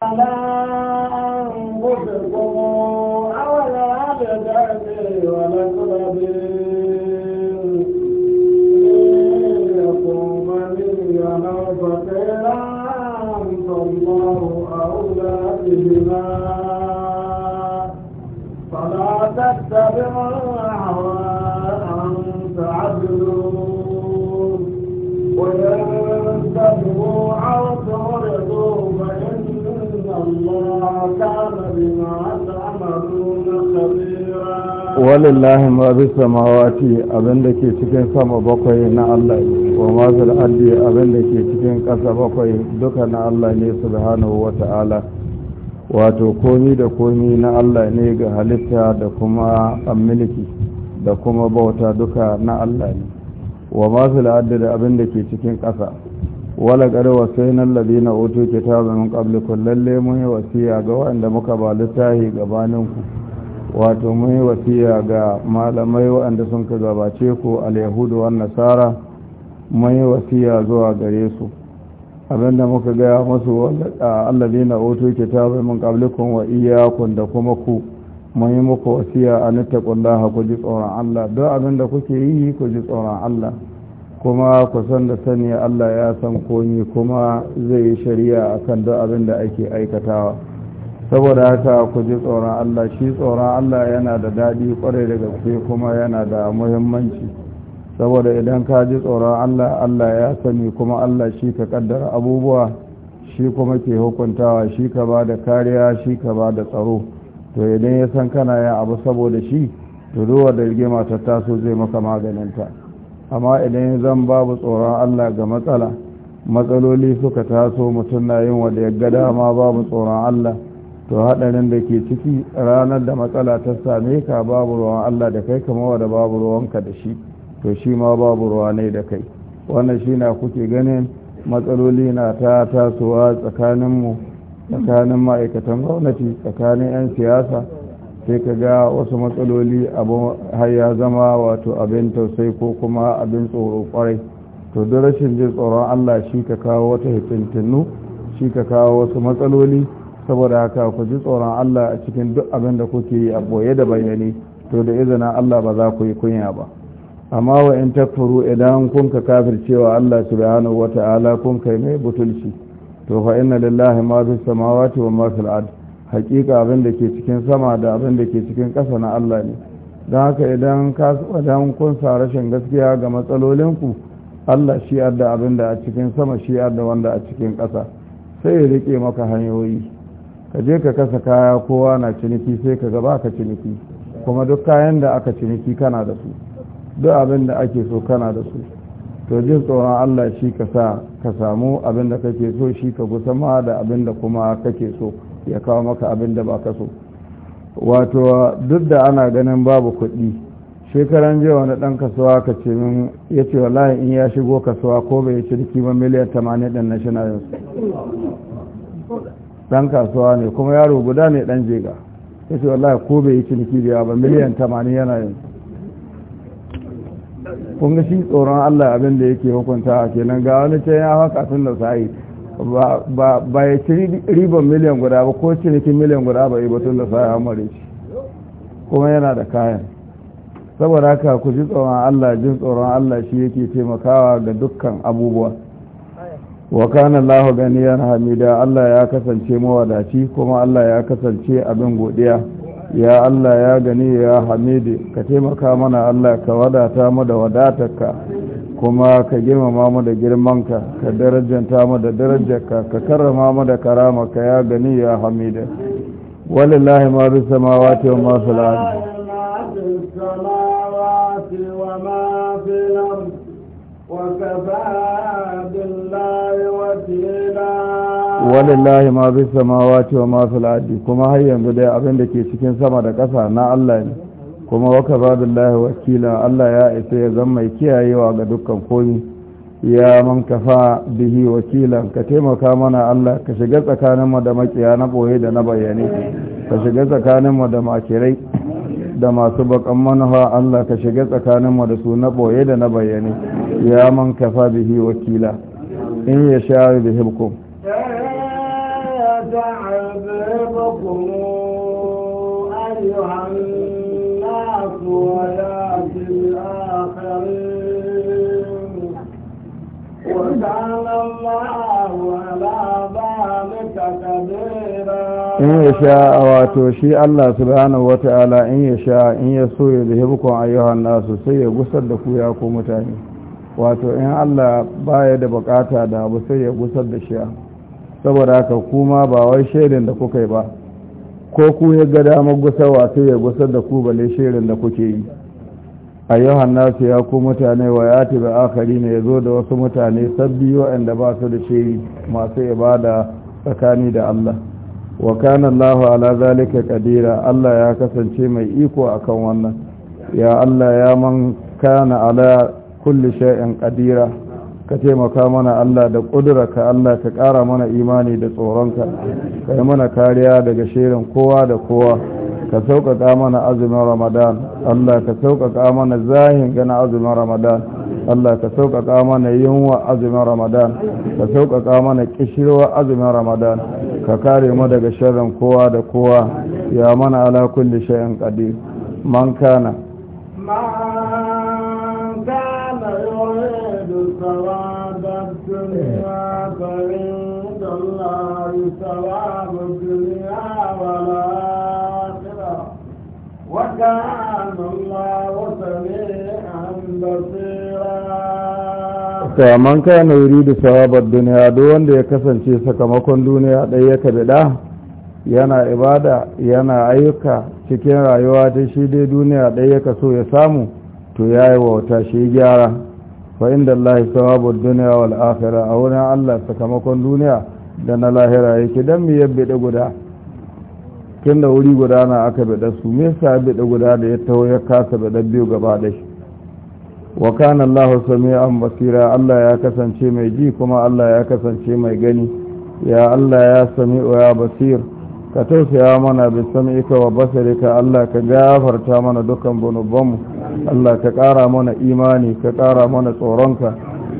فلا أنبتكم أولا بدأتي ولتنبين يقوم مني أو فقيرا فالله أولى بهما فلا تتبعوا أهواء أن تعدلوا ويا wallallahi mafi samawa ce abin da ke cikin sama bakwai na allah wa mafi la'adi da abin da ke cikin ƙasa bakwai duka na allah ne su lhanu wata wato komai da komai na allah ne ga halitta da kuma an da kuma bauta duka na allah ne wa mafi la'adi da abin da ke cikin ƙasa. wala gare wasaina alladhina ke kitaba min qablikum lalle mun yi wasiya ga wanda muka ba littahi gabanin ku wato mun yi wasiya ga malamai wanda sun ka gabace ku alyahudu wan nasara mun yi wasiya zuwa gare su abinda muka gaya musu alladhina utu kitaba min qablikum wa iyakun da kuma ku mun yi muku wasiya an da ku ji tsoron Allah duk abinda kuke yi ku ji tsoron Allah kuma ku san da sani Allah ya san komi kuma zai yi shari'a akan duk abin da ake aikatawa saboda haka ku ji tsoron Allah shi tsoron Allah yana da daɗi kwarai da gaske kuma yana da muhimmanci saboda idan ka ji tsoron Allah Allah ya sani kuma Allah shi ka kaddara abubuwa shi kuma ke hukuntawa shi ka ba da kariya shi ka ba da tsaro to idan ya san kana yin abu saboda shi to duk da rigima ta taso zai maka maganinta amma idan zan babu tsoron Allah ga matsala matsaloli suka taso mutum na yin wanda ya gada ma babu tsoron Allah to haɗarin da ke ciki ranar da matsala ta same ka babu ruwan Allah da kai kama wada babu ruwanka da shi to shi ma babu ruwa ne da kai wannan shi na kuke ganin matsaloli na ta tasowa tsakanin mu tsakanin ma'aikatan gwamnati tsakanin 'yan siyasa sai ka ga wasu matsaloli abin zama wato abin tausai ko kuma abin tsoro kwarai to da rashin jin tsoron Allah shi ka kawo wata hitintinu shi ka kawo wasu matsaloli saboda haka ku ji tsoron Allah a cikin duk abin da kuke yi a boye da bayani to da izinin Allah ba za ku yi kunya ba amma wa in takfuru idan kun ka cewa Allah subhanahu wata'ala kun kai mai butulci to fa inna lillahi ma fi samawati wa ma fil ard hakika abin da ke cikin sama da abin da ke cikin ƙasa na Allah ne don haka idan kasuwadan kun rashin gaskiya ga matsalolinku Allah shi adda abin da a cikin sama shi adda wanda a cikin ƙasa sai ya riƙe maka hanyoyi ka je ka kasa kaya kowa na ciniki sai ka gaba ka ciniki kuma duk kayan da aka ciniki kana da su duk abin da ake so kana da su to jin tsoron Allah shi ka sa ka samu abin da kake so shi ka ma da abin da kuma kake so ya kawo maka abin da ba ka so wato duk da ana ganin babu kuɗi shekaran jiya wani ɗan kasuwa ka ce min ya ce layin in ya shigo kasuwa ko bai ciniki kiman miliyan tamanin ɗan na shina yanzu ɗan kasuwa ne kuma yaro guda ne ɗan jega ya ce layin ko bai ciniki da ba miliyan tamanin yana yanzu kun ga shi tsoron allah abin da yake hukunta a kenan ga wani ce ya haka tun da sa'i ba ya ci riban miliyan guda ba ko cinikin miliyan guda ba yi batun da sai amare shi kuma yana da kayan saboda haka ku ji tsoron Allah jin tsoron Allah shi yake taimakawa ga dukkan abubuwa wa kana Allahu ganiyan hamida Allah ya kasance mawadaci kuma Allah ya kasance abin godiya ya Allah ya gani ya hamidi ka taimaka mana Allah ka wadata mu da wadatarka kuma ka girmama mu da girmanka ka darajanta mu da darajarka ka karrama mu da ka ya gani ya hamida walillahi ma fi samawati wa ma fil ardi walillahi ma fi samawati wa ma fil ardi kuma har yanzu dai abin da ke cikin sama da ƙasa na Allah ne kuma waka ba da wakila Allah ya isa ya zama mai kiyayewa ga dukkan komi ya man kafa bihi wakilan ka taimaka mana Allah ka shiga tsakaninmu da makiya na ɓoye da na bayyane ka shiga tsakaninmu da makirai da masu bakan manufa Allah ka shiga tsakaninmu da su na ɓoye da na bayyane ya man kafa bihi wakila in ya sha bihibkum يجعل بينكم in ya wato shi Allah subhanahu wa ta'ala in ya sha in ya so ya zahi bukon ayyuhan nasu sai ya gusar da ku ya ko mutane wato in Allah baya da bukata da abu sai ya gusar da shi saboda haka kuma ba wai shaidan da kuka yi ba ko ku ya ga damar gusa sai ya gusar da ku bale shirin da kuke yi a yohanna su ya ku mutane wa ya tiba akari ne ya zo da wasu mutane sabbi wa'inda ba su da shiri masu ibada tsakani da Allah wa kana Allah ala zalika kadira Allah ya kasance mai iko akan wannan ya Allah ya man kana ala kulli sha'in Kadira. ka taimaka mana Allah da ƙudurarka Allah ka ƙara mana imani da tsoronka ka yi mana kariya daga shirin kowa da kowa ka sauƙaƙa mana azumin ramadan Allah ka sauƙaƙa mana zahin gana azumin ramadan Allah ka sauƙaƙa mana yunwa azumin ramadan ka sauƙaƙa mana ƙishirwa azumin ramadan ka kare mu daga shirin kowa da kowa ya mana ala kulli shay'in ƙadi, man kana ثواب الدنيا فعند الله ثواب الدنيا والآخرة وكان الله سميعا بصيرا kana da Sababar duniya duk wanda ya kasance sakamakon duniya ɗaya ya kabiɗa yana ibada yana ayyuka cikin rayuwa ta shi dai duniya ɗaya ya kaso ya samu to ya yi wauta shi gyara fa inda Allah sawabu duniya wal a wurin Allah sakamakon duniya da na lahira yake dan me ya bide guda kin da wuri guda na aka bide su me yasa ya bide guda da ya taho ya kasa bide biyu gaba da shi wa kana Allah sami'an basira Allah ya kasance mai ji kuma Allah ya kasance mai gani ya Allah ya sami'u ya basir ka tausaya mana bi sam'ika wa ka Allah ka gafarta mana dukan zunubanmu Allah ka ƙara mana imani ka ƙara mana tsoronka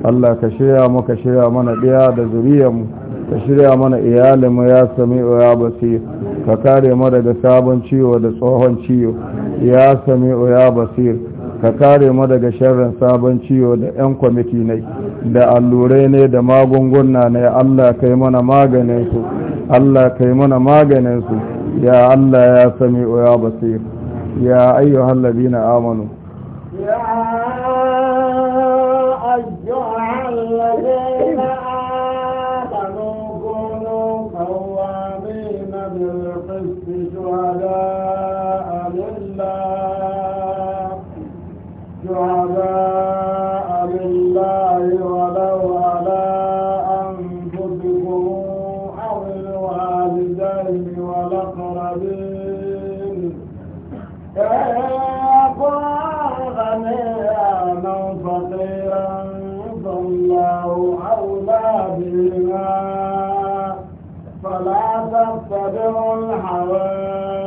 Allah ka shirya mu ka shirya mana ɗaya da zuriyarmu ka shirya mana iyalinmu ya sami'u ya basir ka kare mu daga sabon ciwo da tsohon ciwo ya sami'u ya basir ka kare mu daga sharrin sabon ciwo da 'yan kwamiti ne da allurai ne da magunguna ne allah kai mana maganin su Allah kai mana maganin su ya Allah ya sami ya basir ya ayyuhal ladina amanu ya ayyuhal ladina فأقاب نعما فقيرا فالله أولى بهما فلا تتبعوا الهوى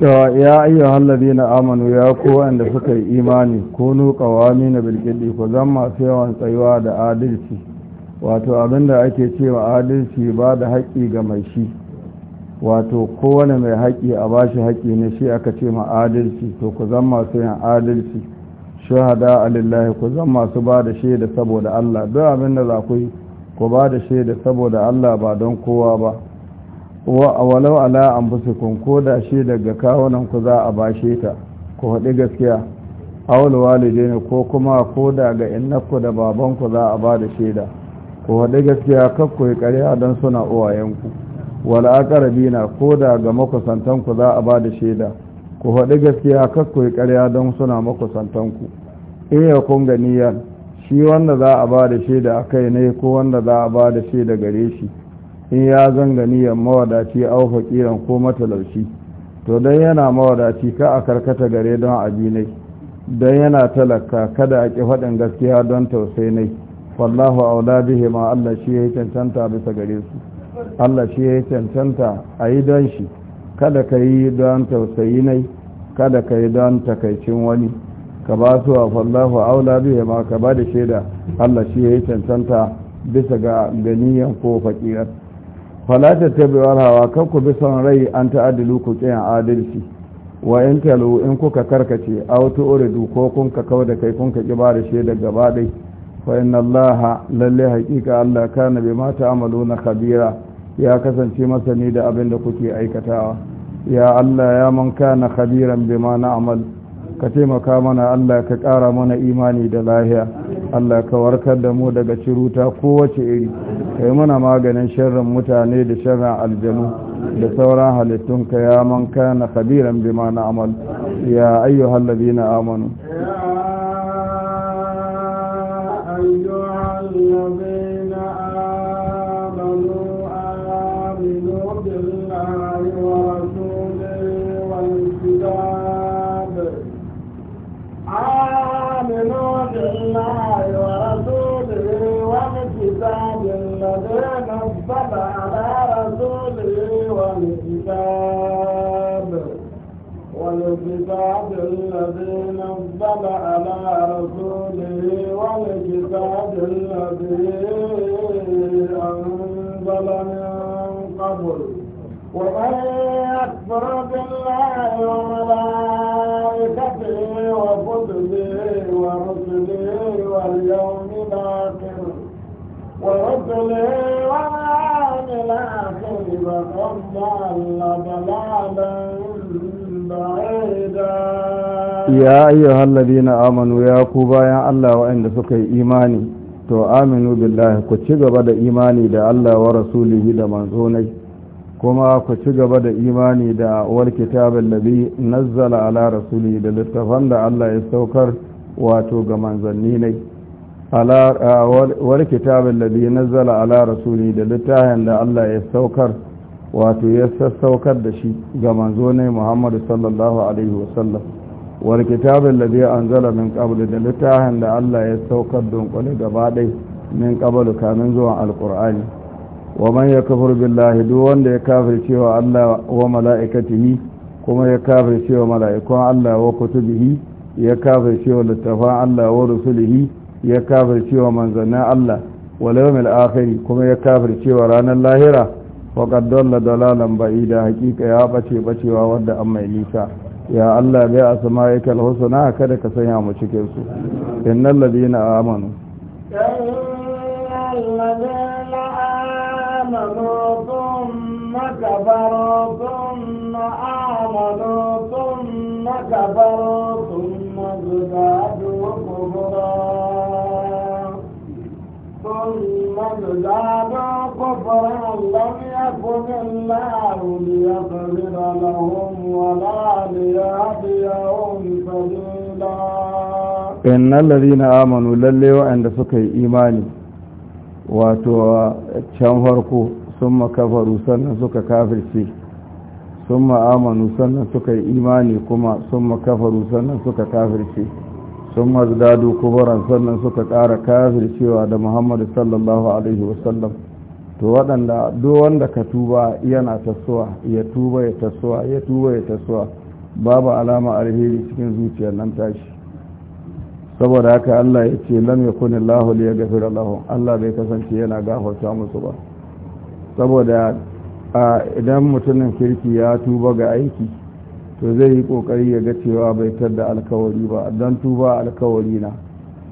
ta ya ayyu hallabi na amanu ya ko wanda suka yi imani ko wa na bilkiɗi ku zan masu yawan tsayuwa da adalci wato abinda ake cewa adalci ba da haƙƙi ga mai shi wato kowane mai haƙƙi a bashi haƙƙi ne shi aka ce ma adalci to ku zan masu yin adalci shahada alillahi ku zan masu ba da shaida saboda Allah duk da za ku yi ku ba da shaida saboda Allah ba don kowa ba walau ala anfusikum ko da shi daga kawunan ku za a bashe ta ku haɗi gaskiya awul ne ko kuma ko da ga innakku da babanku za a ba da shaida ku haɗi gaskiya kar ku yi ƙarya don suna uwayenku wala aqrabina ko da ga makusantanku za a ba da shaida ku haɗi gaskiya kar ku yi ƙarya don suna makusantanku iya kun ganiyar shi wanda za a ba da shaida a kai ne ko wanda za a ba da shaida gare shi in ya zanga niyan mawadaci au faƙiran ko matalauci to don yana mawadaci ka a karkata gare don abinai don yana talaka kada a ƙi faɗin gaskiya don nai wallahu aula bihi ma Allah shi ya cancanta bisa gare su Allah shi ya cancanta a yi don shi kada ka yi don tausayi nai kada ka yi don takaicin wani ka ba su a wallahu aula bihi ma ka ba da shaida Allah shi ya cancanta bisa ga ganiyan ko faƙiran. falata tabbawar hawa kan ku bi son rai an ta'adilu ku kiyan adalci wa in talu in kuka karkace auto uridu ko kun ka kawo da kai kun ka kiba da shi daga badai fa inna allaha lalle haqiqa allah kana bima ta'maluna khabira ya kasance masani da abin da kuke aikatawa ya allah ya man kana khabiran bima na'mal ka taimaka mana allah ka kara mana imani da lahiya Allah ka warkar da mu daga ciruta kowace iri kai mana maganin sharrin mutane da sharrin aljanu da sauran halittun ka ya man kana khabiran bima amal ya ayyuhal ladina amanu ya ayyuhal ladina الذين اصطفى على رسوله والكتاب والكتاب الذين اصطفى على رسوله والكتاب الذي أنزل من قبل ومن يكفر بالله وملائكته ya ayyuhal alladhina amanu ya ku bayan Allah waɗanda suka yi imani to aminu billahi ku ci gaba da imani da Allah wa rasulihi da manzonai kuma ku ci gaba da imani da wal kitabin ladhi nazzala ala rasulihi da littafan da Allah ya saukar wato ga manzanni ne ala wal kitabin ladhi nazzala ala rasulihi da littafin da Allah ya saukar wato ya sassaukar da shi ga manzo ne muhammadu sallallahu alaihi wasallam wal kitabin da zai anzala min qabl da littafin da Allah ya saukar dunkule gaba ɗai min qabl kamin zuwan alkur'ani wa man yakfur billahi duk wanda ya kafir cewa Allah wa mala'ikatihi kuma ya kafir cewa mala'ikun Allah wa kutubihi ya kafir cewa littafan Allah wa rusulihi ya kafir cewa manzannin Allah wal yawmil akhir kuma ya kafir cewa ranar lahira faqad dalla dalalan da haƙiƙa ya bace bacewa wanda an mai nisa ya Allah bai asma'ika al-husna kada ka sanya mu cikin su innal ladina amanu Allah كفرا لم يكن الله ليغفر لهم ولا ليهديهم سبيلا إن wato can farko sun makafaru sannan suka kafirce sun ma'amanu sannan suka yi imani kuma sun makafaru sannan suka kafirce sun mazdadu kubaran sannan suka ƙara kafircewa da muhammadu sallallahu to waɗanda duk wanda ka tuba yana tasowa ya tuba ya tasowa ya tuba ya tasowa babu alama alheri cikin zuciyar nan tashi saboda haka Allah ya ce lam yakuni Allahu li yaghfira lahum Allah bai kasance yana gafarta musu ba saboda idan mutumin kirki ya tuba ga aiki to zai yi kokari ya ga cewa bai da alkawari ba dan tuba alkawari na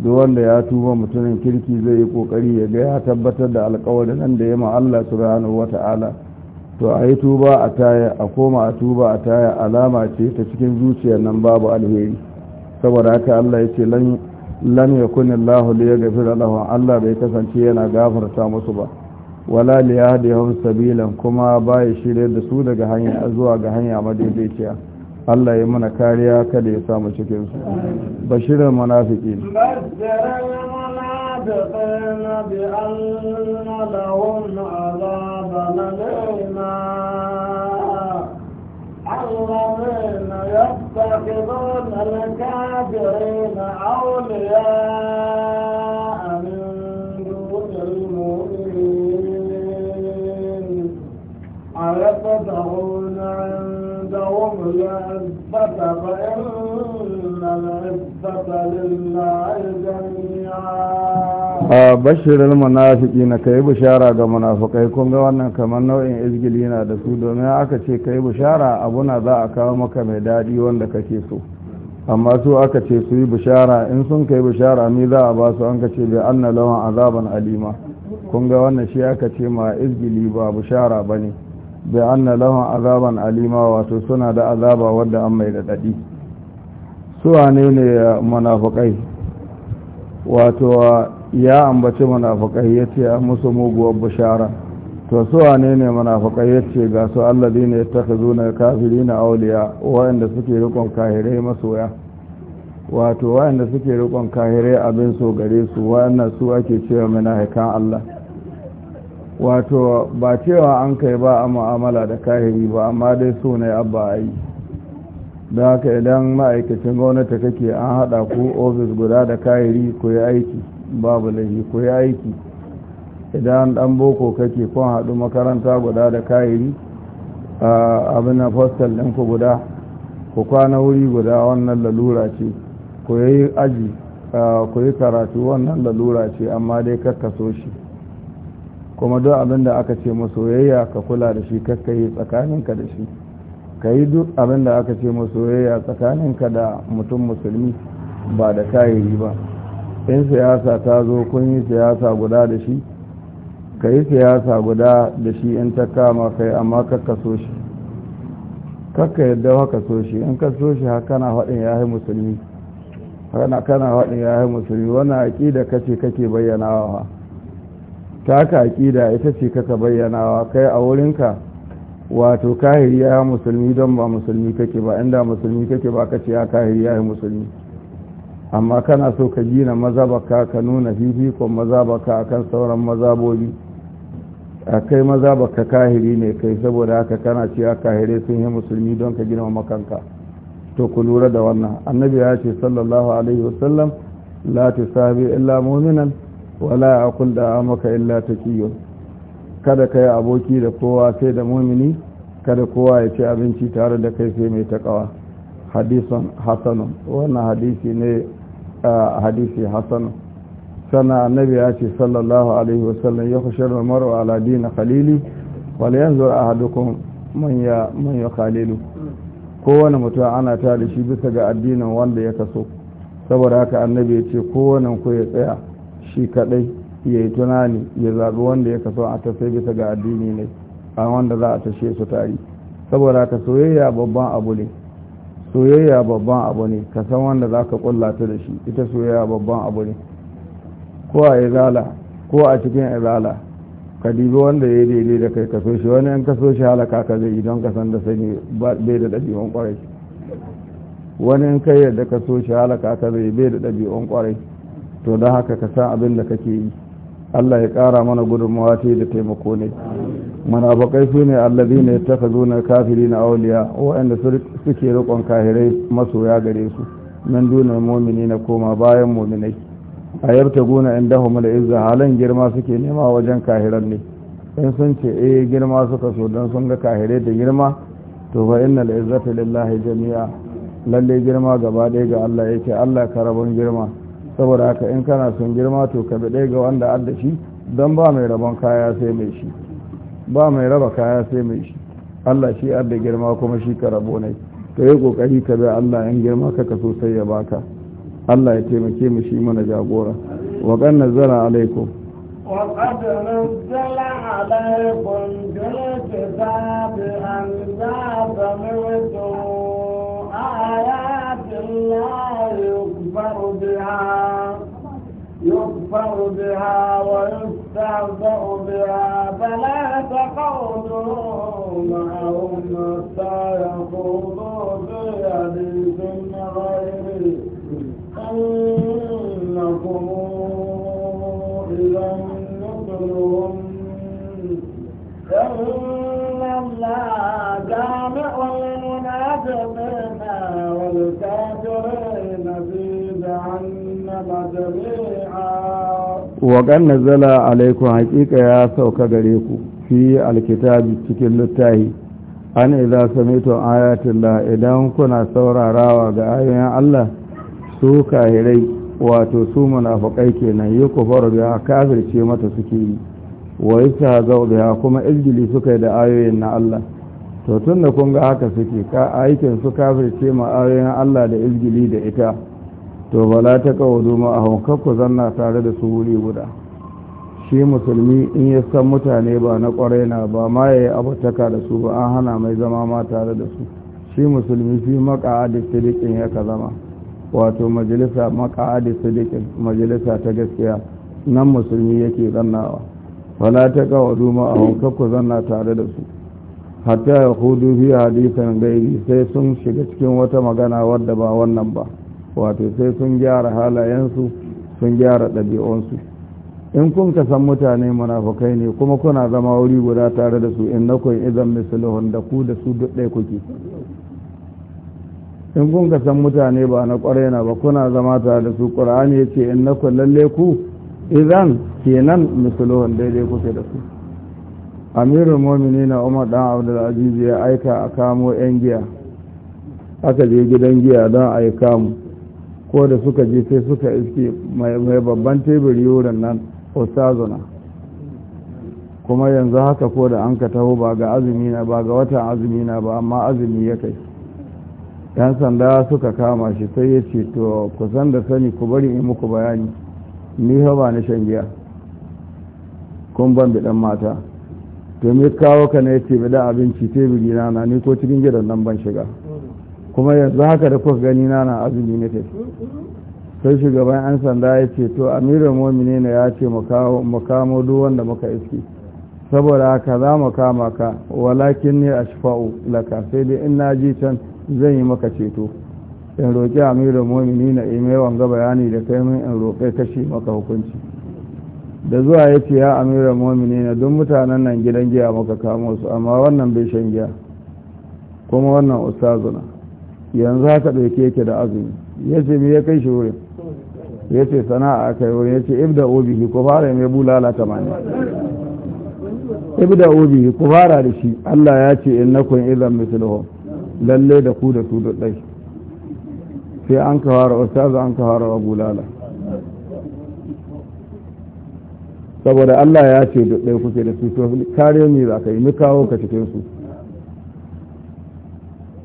duk wanda ya tuba mutumin kirki zai yi kokari ya ga ya tabbatar da alkawarin nan da ya ma Allah subhanahu wata'ala to a yi tuba a taya a koma a tuba a taya alama ce ta cikin zuciyar nan babu alheri saboda haka Allah ya ce lan lam yakun Allah li ya lahum Allah bai kasance yana gafarta musu ba wala li yawan sabilan kuma bai shirye da su daga hanya zuwa ga hanya madaidaiciya Allah ya mana kariya kada ya samu cikin su bashirin munafiki الذين يتخذون الكافرين أولياء من دون المؤمنين أيبتغون عند عندهم العزة فإن العزة لله kai bishara ga munafukai kun ga wannan kamar nau'in izgili na da su domin aka ce kai bishara abuna za a kawo maka mai daɗi wanda kake so amma su aka ce su yi bishara in sun kai bishara mi za a ba su an ce bai anna lawan azaban alima kun ga wannan shi aka ce ma izgili ba bishara ba ne bi anna lahum azaban alima wato suna da azaba wanda an mai dadi su wane ne munafikai wato ya ambaci munafikai yace a musu muguwar bishara to su wane ne munafikai yace ga su alladine yattakhizuna kafirina awliya wanda suke rikon kahirai masoya wato wanda suke rikon kahirai abin so gare su wannan su ake cewa munafikan Allah wato ba cewa an kai ba a mu'amala da kahiri ba amma dai so ne abba a yi da haka idan ma'aikacin gwamnati kake an haɗa ku ofis guda da kahiri ku yi aiki babu laifi ku yi aiki idan ɗan boko kake kun haɗu makaranta guda da kahiri abin na fostal ɗinku guda ku kwana wuri guda wannan lalura ce ku yi aji ku yi karatu wannan lalura ce amma dai kakkaso shi kuma duk abin da aka ce masoyayya ka kula da shi kakka yi tsakaninka da shi ka yi duk abin da aka ce masoyayya tsakaninka da mutum musulmi ba da kayiri ba in siyasa ta zo kun yi siyasa guda da shi ka yi siyasa guda da shi in ta kama kai amma kakka so shi kakka yadda haka so shi in ka so shi haka na haɗin ya yi musulmi kana kana ya yi musulmi wannan aƙida kace kake bayyanawa ta aƙida ita ce kaka bayyanawa kai a wurinka wato kahiri ya musulmi don ba musulmi kake ba inda musulmi kake ba ka ce ya kahiri ya musulmi amma kana so ka gina mazabaka ka nuna fifikon mazabaka akan sauran mazabobi a kai mazabaka kahiri ne kai saboda haka kana ce ya kahiri sun yi musulmi don ka gina makanka to ku lura da wannan annabi ya ce sallallahu alaihi wasallam la tusabi illa mu'minan wala aqul da maka illa ta taqiyun kada ka yi aboki da kowa sai da mu'mini kada kowa ya ci abinci tare da kai sai mai takawa hadisan wannan hadisi ne a hadisi hasanun sana annabi ya ce sallallahu alaihi wasallam ya kushar maru aladi na khalili wani yanzu a man manya man khalilu kowane mutum ana ta shi bisa ga addinin wanda ya kaso saboda haka annabi ya ce kowane ku ya tsaya shi kadai ya yi tunani ya zaɓi wanda ya kaso a tafai bisa ga addini ne a wanda za a tashe su tari saboda ka soyayya babban abu ne soyayya babban abu ne ka san wanda za ka ta da shi ita soyayya babban abu ne ko a izala ko a cikin izala ka dibi wanda ya daidai da kai kaso shi wani in kaso shi halaka ka zai don ka san da sani bai da ɗabi'un ƙwarai wani in kai yadda kaso shi halaka ka zai bai da ɗabi'un ƙwarai. to don haka ka san abin da kake yi Allah ya ƙara mana gudunmawa ce da taimako ne munafiqai su ne ne ta ka na kafiri na auliya waɗanda suke riƙon kahirai masoya gare su nan dunar na koma bayan mu'minai a yabtaguna indahum da izza halin girma suke nema wajen kahiran ne in sun ce eh girma suka so don sun ga kahirai da girma to fa innal izzata lillahi jami'a lallai girma gaba ɗaya ga Allah yake Allah ka rabon girma saboda haka in kana son girma to ka bi ga wanda adda shi don ba mai rabon kaya sai mai shi ba mai raba kaya sai mai shi Allah shi adda girma kuma shi ka rabo ne Ka yi kokari ka bi Allah in girma ka ka sai ya baka Allah ya taimake mu shi mana jagora wa kan nazara alaikum بها ويستهزأ بها فلا تقعدوا معهم حتى يخوضوا في حديث غيره waƙan nazala alaikun haƙiƙa ya sauka gare ku fi alkitabi cikin littafi an idza sami'tum ayatillah idan kuna saurarawa ga ayoyin Allah su kahirai wato su munafikai kenan yi kufar da kafirce mata suke yi wa yastahzau ya kuma izgili suka da ayoyin na Allah to tunda kun ga haka suke ka aikin su kafirce ma ayoyin Allah da izgili da ita to bala ta kawo ma a ku zanna tare da su wuri guda shi musulmi in ya san mutane ba na kwarai na ba ma ya yi abataka da su ba an hana mai zama ma tare da su shi musulmi fi maka'adi sidikin ya ka zama wato majalisa maka'adi sidikin majalisa ta gaskiya nan musulmi yake zannawa wala ta kawo duma a ku zanna tare da su hatta ya hudu biya hadisan gairi sai sun shiga cikin wata magana wadda ba wannan ba wato sai sun gyara halayensu sun gyara ɗabi'unsu in kun ka san mutane munafukai ne kuma kuna zama wuri guda tare da su in na kun izan misalihun da ku da su duk ɗaya kuke in kun ka san mutane ba na ƙwarai na ba kuna zama tare da su ƙur'ani ya ce in na kun lalle ku izan kenan misalihun daidai kuke da su amirul momini na umar dan abdulaziz ya aika a kamo yan giya aka je gidan giya don a yi kamu ko da suka je sai suka iske mai babban teburi wurin nan ostazona kuma yanzu haka ko da an ka taho ba ga azumi na ba ga watan azumi na ba amma azumi ya kai yan sanda suka kama shi sai ya ce to ku san da sani ku bari in muku bayani ni ha ba na shan giya kun ban dan mata to me kawo ka na yace bida abinci teburi na na ni ko cikin gidan nan ban shiga kuma yanzu haka da kuka gani na na azumi ne nake sai shugaban an sanda ya ce to amirin ne na ya ce mu kamo duk wanda muka iske saboda haka za mu kama ka walakin ne a shifa'u laka sai dai in na ji can zan yi maka ceto in roƙi amirin ne na ime wanga bayani da kai min in roƙe kashe maka hukunci da zuwa ya ce ya amirin momini na duk mutanen nan gidan giya muka kamo su amma wannan bai shan giya kuma wannan ustazuna yanzu haka da yake yake da azumi ya ce me ya kai shi wurin ya ce sana'a a kai wurin ya ce ibda shi ko fara mai bulala kamani ibda shi ko fara da shi Allah ya ce in nakon izan mitulhum lalle da ku da su da ɗai sai an ka fara ustazu an ka fara bulala saboda Allah ya ce da ɗai kuke da su to kare ni za ka yi mu kawo ka cikin su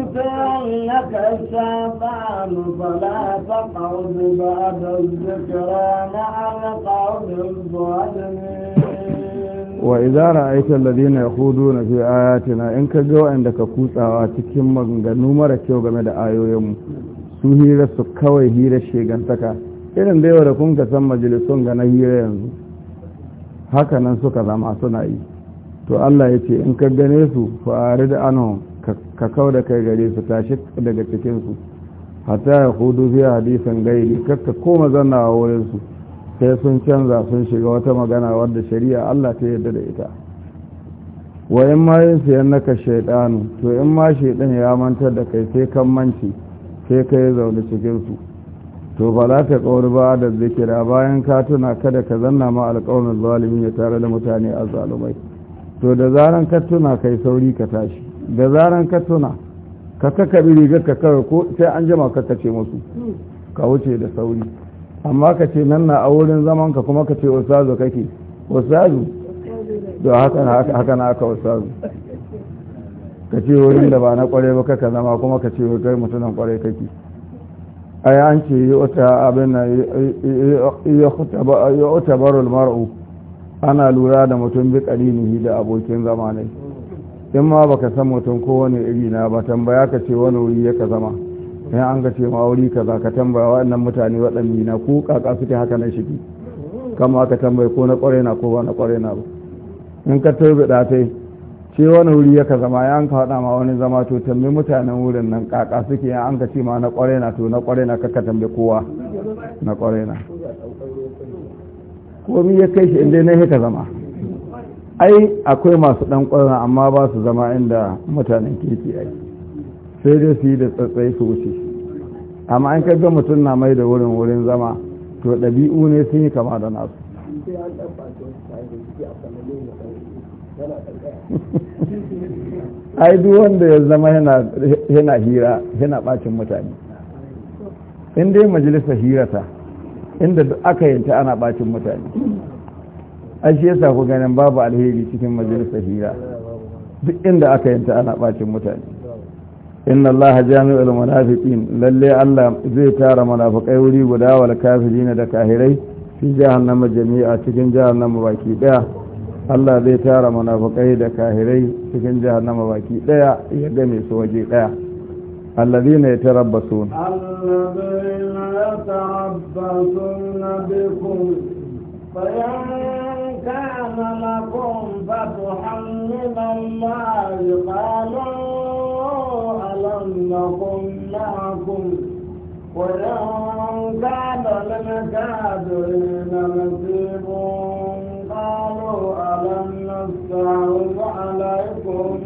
ينفعنك الشيطان فلا تقعد بعد الذكرى مع القوم الظالمين وإذا رأيت الذين يخوضون في آياتنا إن كجوا عندك كوتاوا cikin maganganu mara kyau game da ayoyinmu su hira su kawai hira shegantaka irin da yau da kun ka san majalisun ga na hira yanzu hakanan suka zama suna yi to Allah ya ce in ka gane su fa'ari da anhum ka kau da kai gare su tashi daga cikinsu hatta ya hudu biya hadisan gairi kakka ko zanna a su. sai sun canza sun shiga wata magana wadda shari'a Allah ta yadda da ita wa in ma yin sayan naka shaidanu to in ma shaidan ya mantar da kai sai kan manci sai ka yi zaune cikinsu to ba za ta kawar ba da zikira bayan ka tuna kada ka zanna ma alƙawarin zalimi ya tare da mutane a zalumai to da zaran ka tuna kai sauri ka tashi da zaran ka tuna ka kaka rigar ka kawai ko sai an jama ka kace musu ka wuce da sauri amma ka ce nan na a wurin zaman ka kuma ka ce wasazu kake wasazu da haka na haka wasazu ka ce wurin da ba na kware ba kaka zama kuma ka ce kai mutunan kware kake ai an ce yi wata abin na yi otabarul mar'u ana lura da mutum bi kalinihi da abokin zamanai in ma baka san mutum ko wani iri na ba tambaya ka ce wani wuri ya ka zama in an ga ce ma wuri za ka tambaya waɗannan mutane waɗanne na ko kaka suke haka na shigi kama ka tambaye ko na ƙware na ko ba na ƙware na ba in ka tobe da ta ce wani wuri ya ka zama ya an ka haɗa ma wani zama to tambi mutanen wurin nan kaka suke ya an ka ce ma na ƙware na to na ƙware na kakka tambaye kowa na ƙware na komi ya kai shi inda na ka zama ai akwai masu dan kwarna amma ba su zama inda mutanen kirki ai sai dai su yi da tsatsai su wuce amma an kaga mutum na mai da wurin wurin zama to ɗabi'u ne sun yi kama da nasu ai duk wanda ya zama yana hira yana bacin mutane in dai majalisa hirata inda aka yanta ana bacin mutane ai shi yasa ku ganin babu alheri cikin majalisar hira duk inda aka yanta ana bacin mutane inna Allah jami'ul munafiqin lalle Allah zai tara munafikai wuri guda wal kafirin da kahirai fi jahannama jami'a cikin jahannama baki daya Allah zai tara munafikai da kahirai cikin jahannama baki daya ya game su waje daya الذين يتربصون الذين يتربصون بكم فينظرون كان لكم فتحا من الله قالوا ألم نكن معكم ولو كان للكافرين نصيب قالوا ألم نستعرض عليكم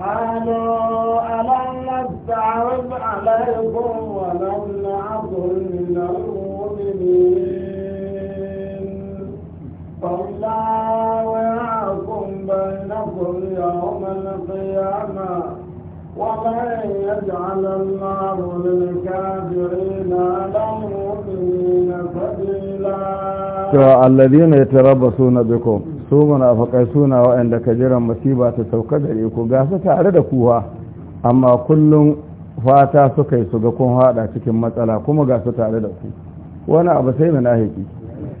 قالوا ألم نستعرض عليكم ولم نعطل من المؤمنين فالله يحكم بينكم يوم القيامة ومن يجعل الله للكافرين على المؤمنين سبيلا الذين يتربصون بكم su munafakai suna waɗanda ka jiran masiba ta sauka da ku ga su tare da kuwa amma kullum fata suka yi su ga kun haɗa cikin matsala kuma ga su tare da ku wani abu sai mu nahiki.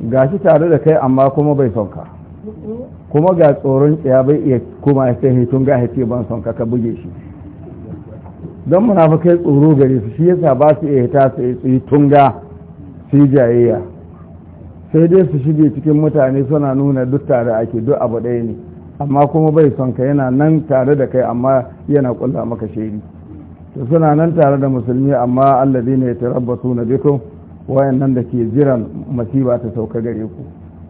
gashi tare da kai amma kuma bai son ka kuma ga tsoron tsaya bai iya kuma ya sai hitun ga ce ban son ka ka buge shi don kai tsoro gari su shi yasa ba su iya hita su yi tunga su yi jayayya sai dai su shige cikin mutane suna nuna duk tare ake duk abu ɗaya ne amma kuma bai son ka yana nan tare da kai amma yana kulla maka shaidi suna nan tare da musulmi amma allazi ne ya tarabba na bikum wayan nan da ke jiran masiba ta sauka gare ku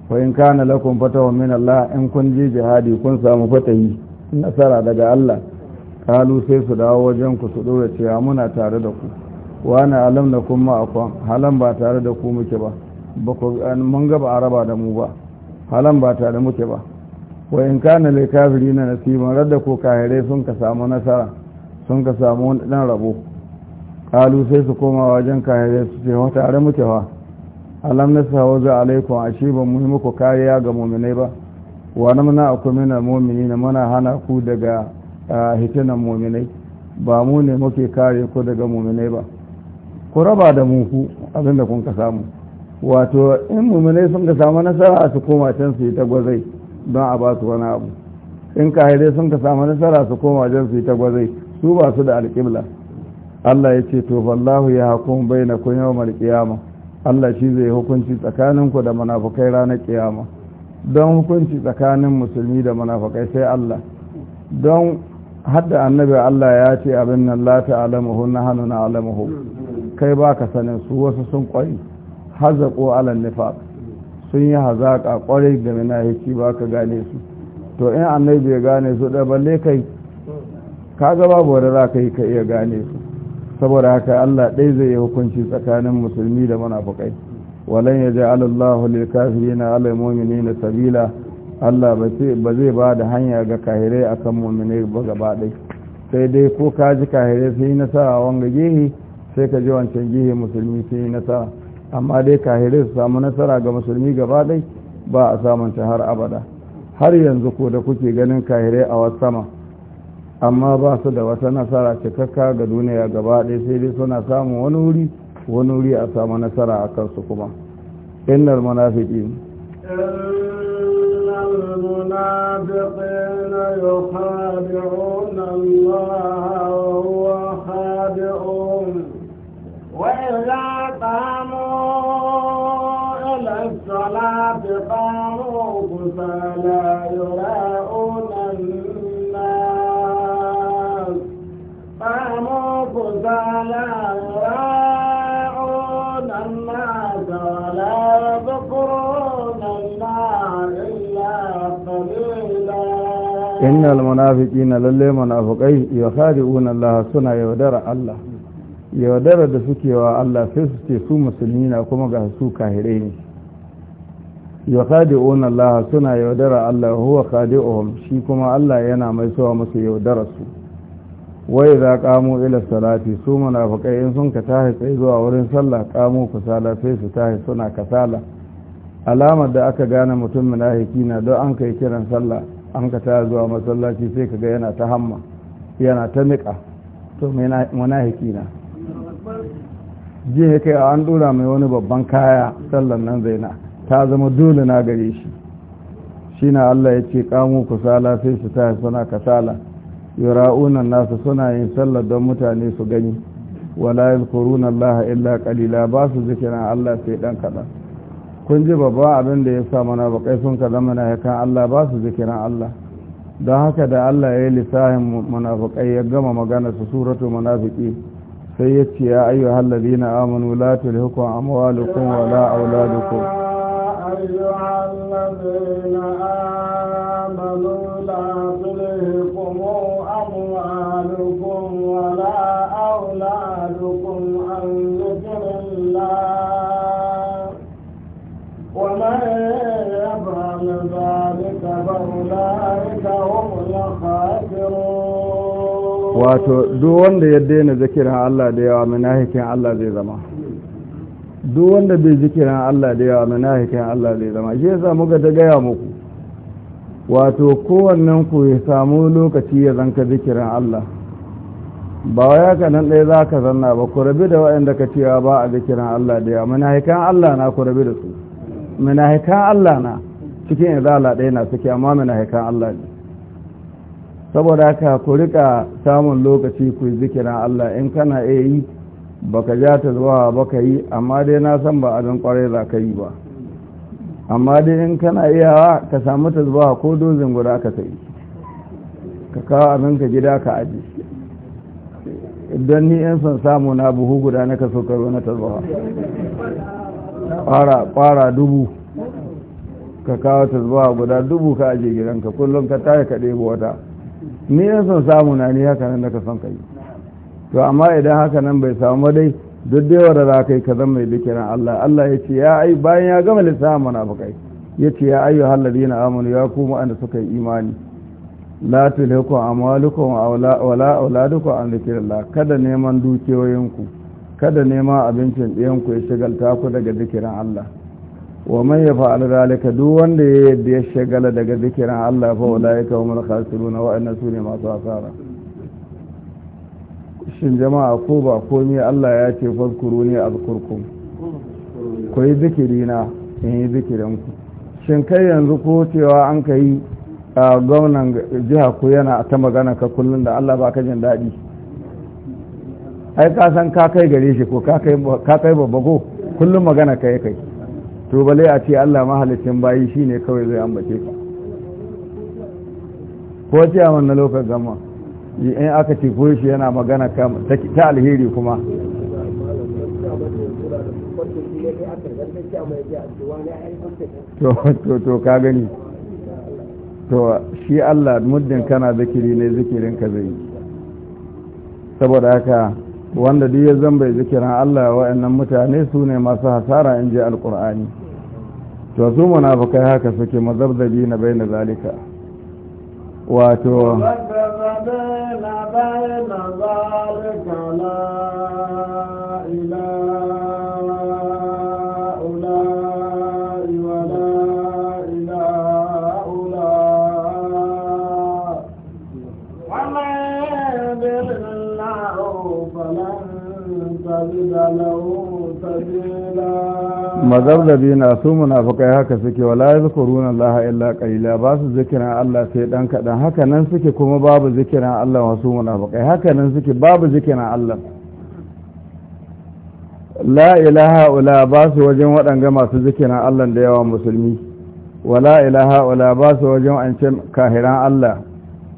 wa in kana lakum fatahun min Allah in kun je jihadi kun samu fatahi nasara daga Allah kalu sai su dawo wajen ku su dora cewa muna tare da ku wa na alam na kun ma'akon halan ba tare da ku muke ba mun ga ba a raba da mu ba halan ba tare muke ba wa in kana lil kafirina nasiban radda ku kahire sun ka samu nasara sun ka samu dan rabo kalu sai su koma wajen kayan su ce wata are mutewa alam na sawa alaikun a shi ban mu ku kariya ga muminai ba wa na muna aku mina mumini na muna hana ku daga hitinan muminai ba mu ne muke kare ku daga muminai ba ku raba da mu ku da kun ka samu wato in muminai sun ka samu nasara su koma can su yi ta gwazai don a ba su wani abu in kahirai sun ka samu nasara su koma can su yi ta gwazai su ba su da alƙibla Allah ya ce to wallahu ya hukum bainakum yawmal qiyamah Allah shi zai hukunci tsakaninku da munafukai ranar kiyama don hukunci tsakanin musulmi da munafukai sai Allah don hadda annabi Allah ya ce abin nan la ta'lamuhu nahnu na'lamuhu kai baka sanin su wasu sun kwari hazaqu ala nifaq sun yi hazaka kwarai da ba ka gane su to in annabi ya gane su da balle kai kaga babu wanda za ka yi ka iya gane su saboda haka Allah ɗai zai yi hukunci tsakanin musulmi da munafukai walan ya ji alallahu lil kafirina alal mu'minina sabila Allah ba zai ba da hanya ga kahirai akan mu'minai ba gaba dai sai dai ko ka ji kahirai sai na sa wanga gehe sai ka ji wancan gehe musulmi sai na sa amma dai kahirai su samu nasara ga musulmi gaba dai ba a samun har abada har yanzu ko da kuke ganin kahirai a wasu sama amma ba su da wata nasara cikakka ga duniya gaba ɗaya sai dai suna samun wani wuri wani wuri a samu nasara a kansu kuma innal munafiqin innal munafiqina yukhadi'una Allah wa huwa khadi'un wa idza qamu ila as-salati qamu innal munafiqina lalle munafiqai yakhadi'una Allah suna yaudara Allah yaudara da suke wa Allah sai su ce su musulmi na kuma ga su kahire ne yakhadi'una Allah suna yaudara Allah huwa khadi'uhum shi kuma Allah yana mai sowa musu yaudara su wa idza qamu ila salati su munafiqai in sun ka tahi sai zuwa wurin sallah kamo kusala sai su tahi suna kasala alamar da aka gane mutum munafiki na don an kai kiran sallah an ka ta zuwa masallaci sai ka ga yana ta hamma yana ta miƙa, to munafiki na jiya kai a an dora mai wani babban kaya sallan nan zaina ta zama dole na gare shi shi Allah ya ce kamu kusala sai su ta suna kasala yura'unan nasu suna yin sallar don mutane su gani wala yadhkuruna Allah illa qalila ba su zikirin Allah sai dan kaɗan kun ji babba abin da ya sa mana kai sun ka zama na yakan Allah ba su zikirin Allah don haka da Allah ya yi lissahin munafukai ya gama magana su suratu munafiki sai ya ce ya ayyu halladina amanu la tulhikum amwalukum wa la auladukum wato duk wanda ya daina zikirin Allah da yawa munafikin Allah zai zama duk wanda bai zikirin Allah da yawa munafikin Allah zai zama shi yasa muka ta gaya muku wato kowannen ku ya samu lokaci ya zanka zikirin Allah ba wa ka nan ɗaya za ka zanna ba ku rabi da waɗanda ka cewa ba a zikirin Allah da yawa munafikan Allah na ku rabi da su munafikan Allah na cikin izala ɗaya na suke amma mana haikan Allah ne saboda haka ku rika samun lokaci ku yi zikirin Allah in kana iya yi baka ja ta zuwa baka yi amma dai na san ba abin kwarai za ka yi ba amma dai in kana iyawa ka samu ta zuwa ko dozin guda ka sai ka kawo abin ka gida ka aji don ni yan son samu na buhu guda na ka so karo na ta zuwa kwara dubu ka kawo ta zuwa guda dubu ka aje gidanka kullum ka taya ka ɗebo wata ni yan son samu na ni haka nan da ka son ka yi to amma idan haka nan bai samu dai duk da yawa da za ka zama mai bikiran Allah Allah ya ce ya ai bayan ya gama lissafin munafukai ya ce ya ayyu hallari na amanu ya kuma anda suka yi imani la a amwalukum wala auladukum an zikrillah kada neman dukiyoyinku kada neman abincin ɗiyanku ya shigalta ku daga zikirin Allah wa man ya fa'al zalika duk wanda ya yadda ya shagala daga zikirin Allah fa ulaika humul khasirun wa inna sunni masu asara shin jama'a ko ba ko ni Allah ya ce fazkuruni azkurkum ku yi na in yi zikirin ku shin kai yanzu ko cewa an kai yi a gwamnan jiha ku yana ta magana ka kullum da Allah ba ka jin daɗi ai ka san ka kai gare shi ko ka kai babago kullum magana kai kai to bale a ce Allah mahalicin bayi shine kawai zai ambace ka ko ce a wannan lokacin gama in aka ce ko shi yana magana ta alheri kuma to to ka gani to shi Allah muddin kana zikiri ne zikirin ka zai saboda haka wanda duk ya zan bai zikiran Allah wa'annan mutane su ne masu hasara in ji alkur'ani to su munafikai haka suke mazabzabi na bai na zalika wato فلن تجد له سبيلا mazabzabi na su munafukai haka suke wala yazkuruna Allah illa qalila ba su zikirin Allah sai dan kadan haka nan suke kuma babu zikirin Allah wasu munafukai haka nan suke babu zikirin Allah la ilaha ula ba su wajen waɗanga masu zikirin Allah da yawa musulmi wala ilaha ula ba su wajen ancin kahiran Allah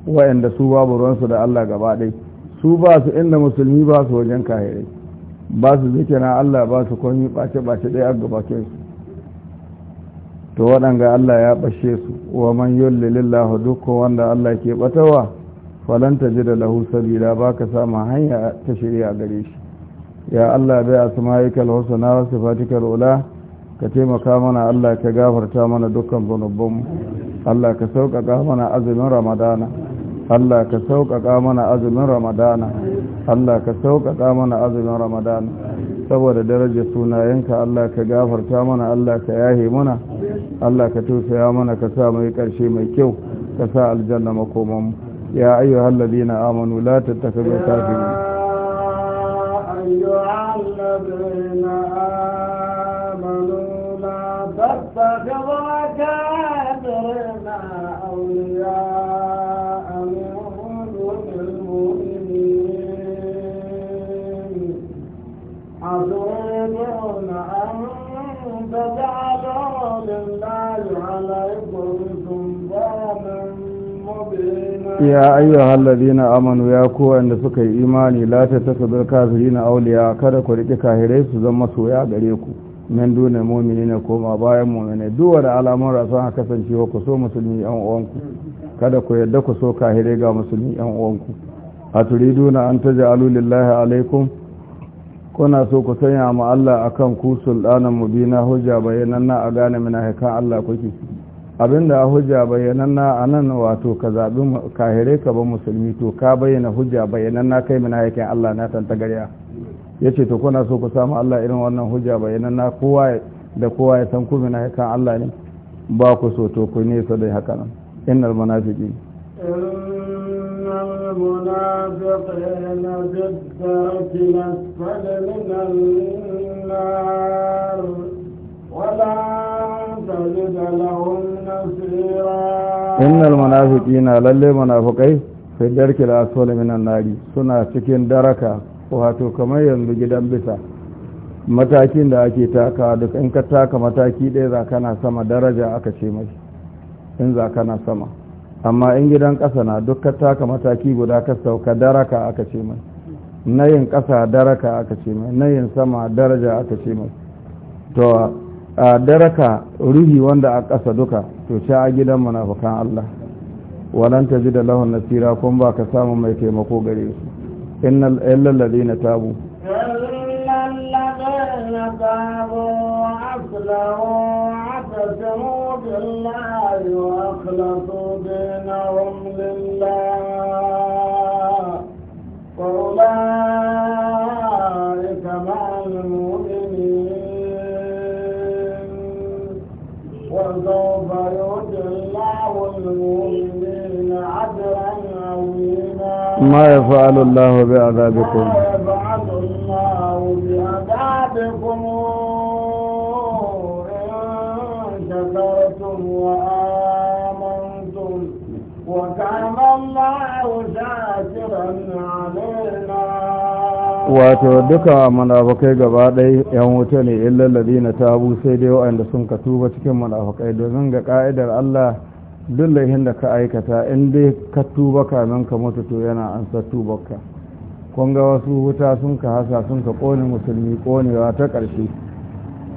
wa'anda su babu ruwansu da Allah gaba ɗai su ba su inda musulmi ba su wajen kahirai ba su na Allah ba su komi ɓace-ɓace ɗaya a gabatar to waɗanga Allah ya ɓashe su wa man yulli lillahu dukkan wanda Allah ke ɓatawa falanta ji da lahu sabila ba ka sama hanya ta shirya gare shi ya Allah bai a samayikal na wasu fatikar ula ka taimaka mana Allah ka gafarta mana dukkan zunubbanmu. Allah ka sauƙaƙa mana azumin ramadana Allah ka sauƙaƙa mana azumin ramadana Allah ka sauƙaƙa mana azumin Ramadan saboda darajar sunayenka Allah ka gafarta mana Allah ka yahe mana Allah ka tusaya mana ka sa mai ƙarshe mai kyau ka sa aljanna makoman ya ayyuhal ladina amanu la tattakhidhu kafirin ayyuhal amanu la kafirin awliya أتريدون أن تجعلوا لله عليكم amanu ya ku wanda suka yi imani la ta tasabbil kafirina awliya kada ku riƙe kahirai su zama soya gare ku nan dole mu'mini ne koma bayan mu'mini duwa da alamun rasu kasancewa ku so musulmi yan uwanku kada ku yadda ku so kahirai ga musulmi yan uwanku a turiduna an taj'alu lillahi alaikum kuna so ku sanya mu Allah a akan ku mu na hujja na a gane mina haikan Allah kuke abinda hujja a nan wato ka zabi kahire ka ba musulmi to ka bayyana hujja na kai mina haikan Allah na tanta gariya ce to kuna so ku samu Allah irin wannan hujja bayananna kowa da kowa ya san ku mina haikan Allah ne ba ku so to ku nesa da haka nan innal munafiqin eh, المنافقين في الدرك الأسفل من النار ولن تجد لهم نصيرا إن المنافقين للي منافقين في الدرك الأسفل من النار سنة سكين دركا wato kamar yanzu gidan bisa matakin da ake taka duk in ka taka mataki ɗaya za kana sama daraja aka ce mai in za kana sama amma in gidan ƙasa na duk ka taka mataki guda ka sauka daraka aka ce mai nayin ƙasa daraka aka ce mai nayin sama daraja aka ce mai to a daraka ruhi wanda a ƙasa duka to sha a gidan munafukan Allah walan ta ji da lahun nasira kun ba ka samu mai taimako gare su innal ladina tabu tabu الله وأخلصوا دينهم لله وأولئك مع المؤمنين وسوف يؤتي الله المؤمنين عجرا عظيما ما يفعل الله بعذابكم ما يفعل الله بعذابكم شكرتم وآمنتم wata wato duka munafukai gaba ɗaya yan wuta ne illallazi na tabu sai dai waɗanda sun ka tuba cikin munafukai domin ga ƙa'idar Allah duk lahin da ka aikata in dai ka tuba kamin ka mutu to yana an sa tubarka kun ga wasu wuta sun ka hasa sun ka ƙone musulmi ƙonewa ta ƙarshe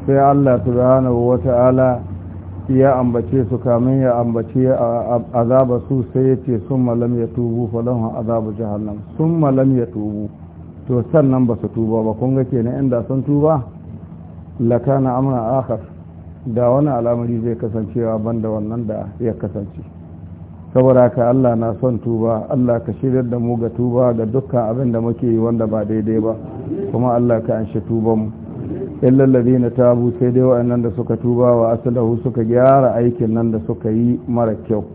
sai Allah subhanahu wata'ala ya ambace su kamin ya ambace azaba su sai ya ce sun malam ya tubu falon azabu jahannam sun malam ya tubu to sannan ba su tuba ba kun ga kenan inda sun tuba lakana amina akar da wani al'amari zai kasancewa banda wannan da ya kasance saboda ka Allah na son tuba Allah ka shirar da mu ga tuba ga dukkan abin da muke yi wanda ba daidai ba kuma Allah ka anshi tuban mu illal ladina tabu sai dai waɗannan da suka tuba wa asalahu suka gyara aikin nan da suka yi mara kyau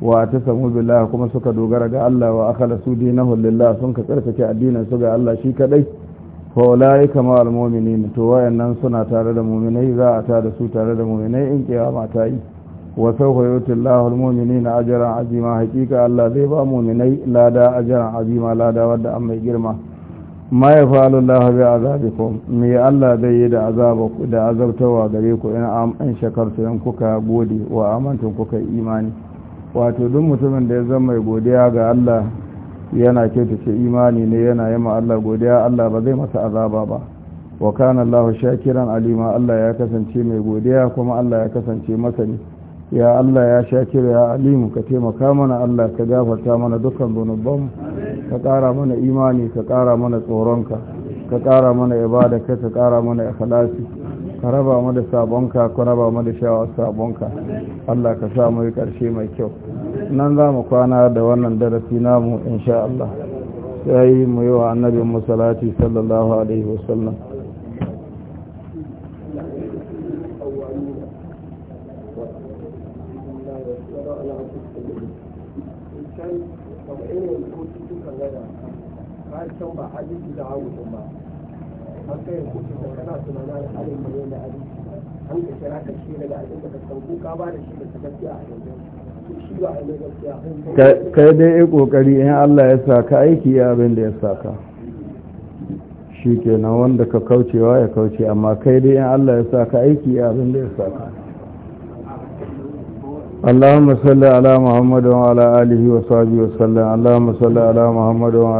wa ta samu billahi kuma suka dogara ga Allah wa su dinahu lillah sun ka tsarkake addinin su ga Allah shi kadai fa ulai kama al mu'minin to wayannan suna tare da mu'minai za a tare da su tare da mu'minai in kiyama ta yi wa sawfa yuti Allahu al ajran azima haqiqa Allah zai ba mu'minai lada ajran azima lada wadda an mai girma ma ya fa'ala Allah bi azabikum me Allah zai yi da azabaku da azabtawa gare ku in an shakartu in kuka gode wa amantun kuka imani wato duk mutumin da ya zama mai godiya ga Allah yana kyautace imani ne yana yi ma Allah godiya Allah ba zai masa azaba ba wa kana Allah shakiran alima Allah ya kasance mai godiya kuma Allah ya kasance masani ya Allah ya shakir ya alimu ka taimaka mana Allah ka gafarta mana dukkan zunubanmu ka ƙara mana imani ka ƙara mana tsoronka ka ƙara mana ibada ka ƙara mana ikhlasi ka raba mu da sabonka ka raba mu da shawar sabonka Allah ka sa mu karshe mai kyau nan za mu kwana da wannan darasi namu insha Allah sai mu yi wa annabin musallati sallallahu alaihi wasallam san ba hadisi da ba da kana halin mai an ka kira ka shi daga abin ka san ka ba kai dai yi kokari in Allah ya saka aiki ya abin da ya saka shi kenan wanda ka kaucewa ya kauce amma kai dai in Allah ya saka aiki ya abin da ya saka Muhammadu wa ala alihi wa sahbihi wa sallam Allahumma salli ala Muhammadu wa